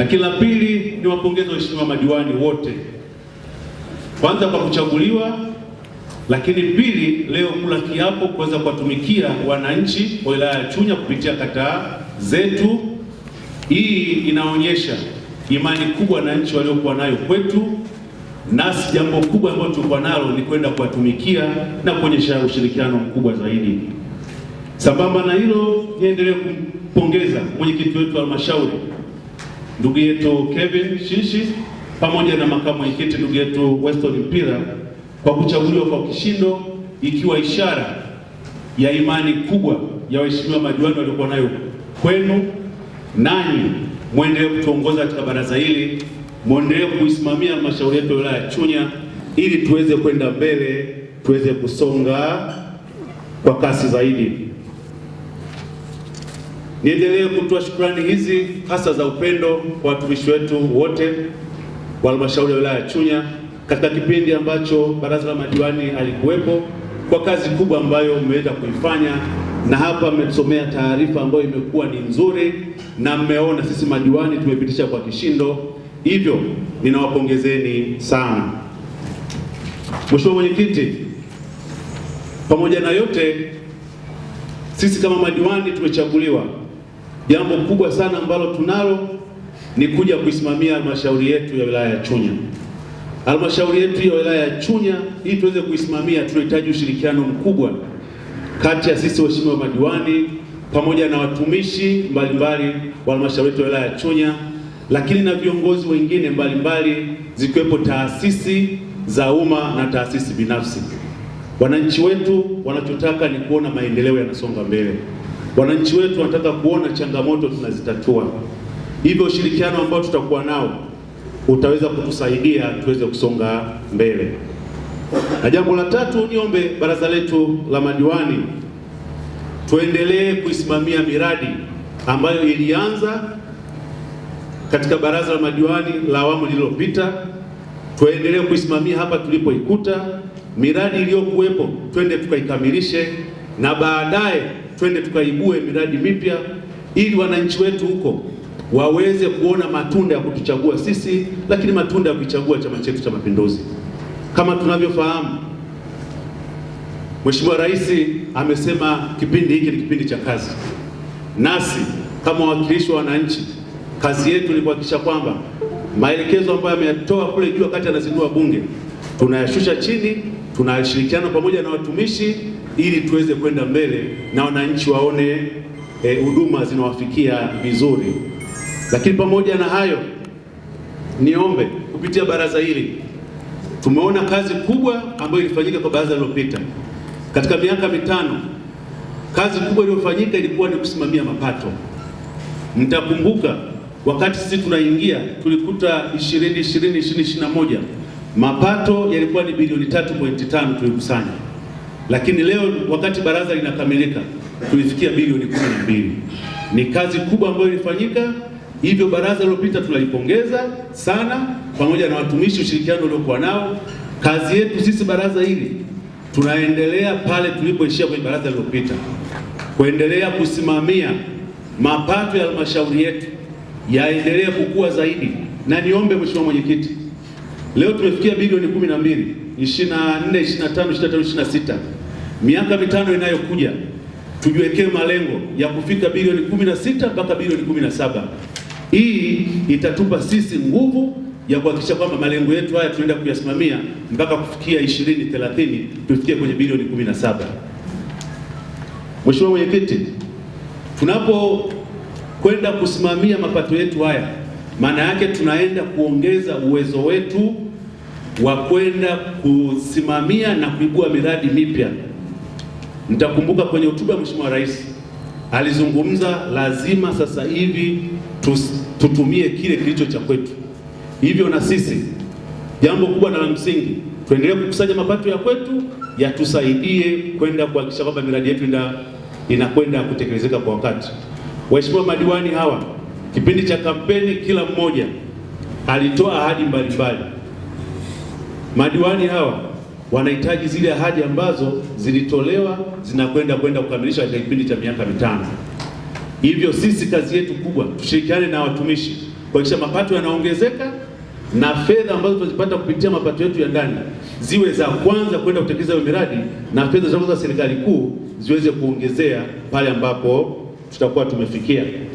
Lakini la pili ni wapongeze waheshimiwa madiwani wote, kwanza kwa kuchaguliwa, lakini pili leo kula kiapo kuweza kuwatumikia wananchi wa wilaya ya Chunya kupitia kata zetu. Hii inaonyesha imani kubwa wananchi waliokuwa nayo kwetu, nasi jambo kubwa ambalo tulikuwa nalo ni kwenda kuwatumikia na kuonyesha ushirikiano mkubwa zaidi. Sambamba na hilo, niendelee kumpongeza mwenyekiti wetu wa halmashauri ndugu yetu Kevin Shishi pamoja na makamu mwenyekiti ndugu yetu Weston Mpira kwa kuchaguliwa kwa kishindo, ikiwa ishara ya imani kubwa ya waheshimiwa madiwani waliokuwa nayo kwenu, nanyi mwendelee kutuongoza katika baraza hili, mwendelee kuisimamia halmashauri yetu ya wilaya ya Chunya ili tuweze kwenda mbele, tuweze kusonga kwa kasi zaidi. Niendelee kutoa shukrani hizi hasa za upendo kwa watumishi wetu wote wa halmashauri ya wilaya ya Chunya katika kipindi ambacho baraza la madiwani alikuwepo, kwa kazi kubwa ambayo mmeweza kuifanya, na hapa mmetusomea taarifa ambayo imekuwa ni nzuri, na mmeona sisi madiwani tumepitisha kwa kishindo, hivyo ninawapongezeni sana. Mheshimiwa Mwenyekiti, pamoja na yote sisi kama madiwani tumechaguliwa Jambo kubwa sana ambalo tunalo ni kuja kuisimamia halmashauri yetu ya wilaya ya Chunya. Halmashauri yetu ya wilaya ya Chunya ili tuweze kuisimamia, tunahitaji ushirikiano mkubwa kati ya sisi waheshimiwa madiwani pamoja na watumishi mbalimbali wa halmashauri yetu ya wilaya ya Chunya, lakini na viongozi wengine mbalimbali zikiwepo taasisi za umma na taasisi binafsi. Wananchi wetu wanachotaka ni kuona maendeleo yanasonga mbele. Wananchi wetu wanataka kuona changamoto tunazitatua, hivyo ushirikiano ambao tutakuwa nao utaweza kutusaidia tuweze kusonga mbele. Na jambo la tatu, niombe baraza letu la madiwani tuendelee kuisimamia miradi ambayo ilianza katika baraza la madiwani la awamu lililopita, tuendelee kuisimamia hapa tulipoikuta. Miradi iliyokuwepo twende tukaikamilishe, na baadaye twende tukaibue miradi mipya ili wananchi wetu huko waweze kuona matunda ya kutuchagua sisi, lakini matunda ya kuichagua chama chetu cha Mapinduzi. Kama tunavyofahamu, Mheshimiwa Rais amesema kipindi hiki ni kipindi cha kazi, nasi kama wawakilishi wa wananchi, kazi yetu ni kuhakikisha kwamba maelekezo ambayo ameyatoa kule juu wakati anazindua Bunge tunayashusha chini, tunashirikiana pamoja na watumishi ili tuweze kwenda mbele na wananchi waone eh, huduma e, zinawafikia vizuri. Lakini pamoja na hayo, niombe kupitia baraza hili, tumeona kazi kubwa ambayo ilifanyika kwa baraza lililopita katika miaka mitano. Kazi kubwa iliyofanyika ilikuwa ni kusimamia mapato. Mtakumbuka wakati sisi tunaingia tulikuta 2020 2021 mapato yalikuwa ni bilioni 3.5 tulikusanya lakini leo wakati baraza linakamilika tulifikia bilioni kumi na mbili. Ni kazi kubwa ambayo ilifanyika, hivyo baraza lilopita tunalipongeza sana, pamoja na watumishi, ushirikiano uliokuwa nao. Kazi yetu sisi baraza hili tunaendelea pale tulipoishia kwenye baraza lililopita, kuendelea kusimamia mapato ya halmashauri yetu yaendelee kukua zaidi, na niombe mheshimiwa mwenyekiti, leo tumefikia bilioni 12, 24, 25, 25, 26 Miaka mitano inayokuja tujiwekee malengo ya kufika bilioni 16 mpaka bilioni 17. Hii itatupa sisi nguvu ya kuhakikisha kwamba malengo yetu haya tunaenda kuyasimamia mpaka kufikia 20 30 tufikie kwenye bilioni 17. Mheshimiwa Mwenyekiti, tunapokwenda kusimamia mapato yetu haya, maana yake tunaenda kuongeza uwezo wetu wa kwenda kusimamia na kuibua miradi mipya. Mtakumbuka kwenye hotuba ya Mheshimiwa Rais alizungumza, lazima sasa hivi tutumie kile kilicho cha kwetu. Hivyo na sisi jambo kubwa na la msingi, tuendelee kukusanya mapato ya kwetu yatusaidie kwenda kuhakikisha kwamba miradi yetu inakwenda kutekelezeka kwa wakati. Waheshimiwa madiwani hawa, kipindi cha kampeni, kila mmoja alitoa ahadi mbalimbali. Madiwani hawa wanahitaji zile ahadi ambazo zilitolewa zinakwenda kwenda kukamilisha katika kipindi cha miaka mitano. Hivyo sisi kazi yetu kubwa, tushirikiane na watumishi kuhakikisha mapato yanaongezeka na fedha ambazo tunazipata kupitia mapato yetu ya ndani ziwe za kwanza kwenda kutekeleza hiyo miradi na fedha za serikali kuu ziweze kuongezea pale ambapo tutakuwa tumefikia.